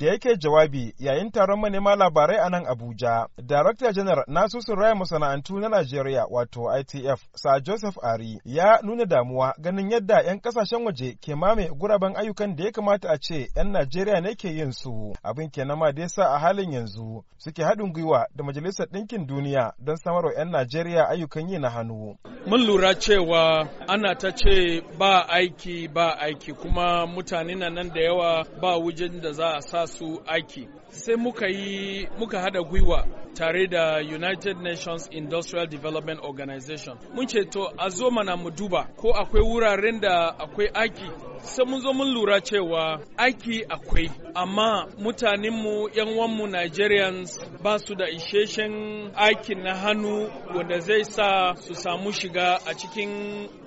da yake jawabi yayin taron manema labarai a nan Abuja, Darakta Janar na raya masana'antu na Najeriya wato ITF, Sir Joseph Ari, ya nuna damuwa ganin yadda 'yan kasashen waje ke mame guraben ayyukan da ya kamata a ce 'yan Najeriya ne ke yin su. Abin kenan ma da sa a halin yanzu suke haɗin gwiwa da Majalisar Ɗinkin Duniya don samarwa 'yan Najeriya ayyukan yi na hannu. mun lura cewa ana ta ce ba aiki ba aiki kuma mutane na nan da yawa ba wuje da za a sa su aiki sai muka yi muka hada gwiwa tare da united nations industrial development organization mun ce to a zo mana mu duba ko akwai wuraren da akwai aiki sai mun zo mun lura cewa aiki akwai amma mutanenmu yan wanmu nigerians ba su da isheshen aiki na hannu wanda zai sa su samu shiga a cikin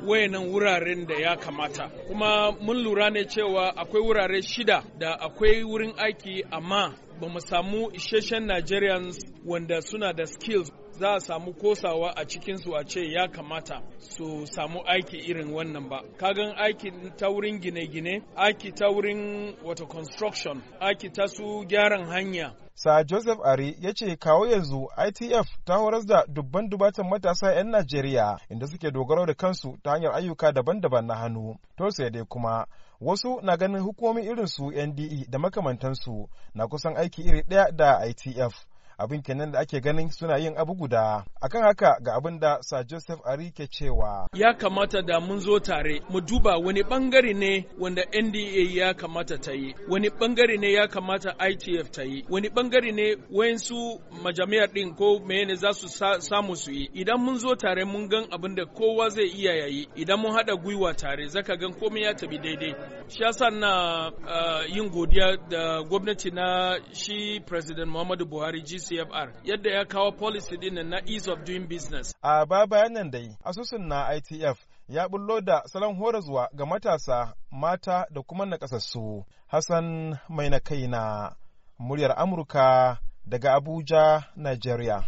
wayanan wuraren da ya kamata kuma mun lura ne cewa akwai wurare shida da akwai wurin aiki amma ba mu samu isasshen Nigerians wanda suna da skills za a samu kosawa a cikinsu a ce ya kamata su samu aiki irin wannan ba kagan aiki ta wurin gine-gine aiki ta wurin wata construction aiki ta su gyaran hanya Sa Joseph Ari ya ce kawo yanzu ITF ta horas da dubban dubatan matasa 'yan Najeriya inda suke dogaro da kansu ta hanyar ayyuka daban-daban na hannu. To sai dai kuma wasu na ganin hukumomin irinsu NDE da makamantansu na kusan aiki iri ɗaya da ITF. abin kenan da ake ganin suna yin abu guda akan haka ga abin da sa joseph ari ke cewa ya kamata da mun zo tare mu duba wani bangare ne wanda nda ya kamata ta yi wani bangare ne ya kamata itf ta yi wani bangare ne wayansu majami'ar din ko mene za su samu su yi idan mun zo tare mun gan abin da kowa zai iya yayi idan mun haɗa gwiwa tare zaka gan komai ya tabi daidai shi yasa na ah, yin godiya da gwamnati na shi president muhammadu buhari gc CFR yadda ya kawo policy din na ease of doing business. A ba bayanan dai asusun na ITF ya bullo da salon zuwa ga matasa mata da kuma na kasassu, Hassan mai na kai na muryar Amurka daga Abuja, Nigeria.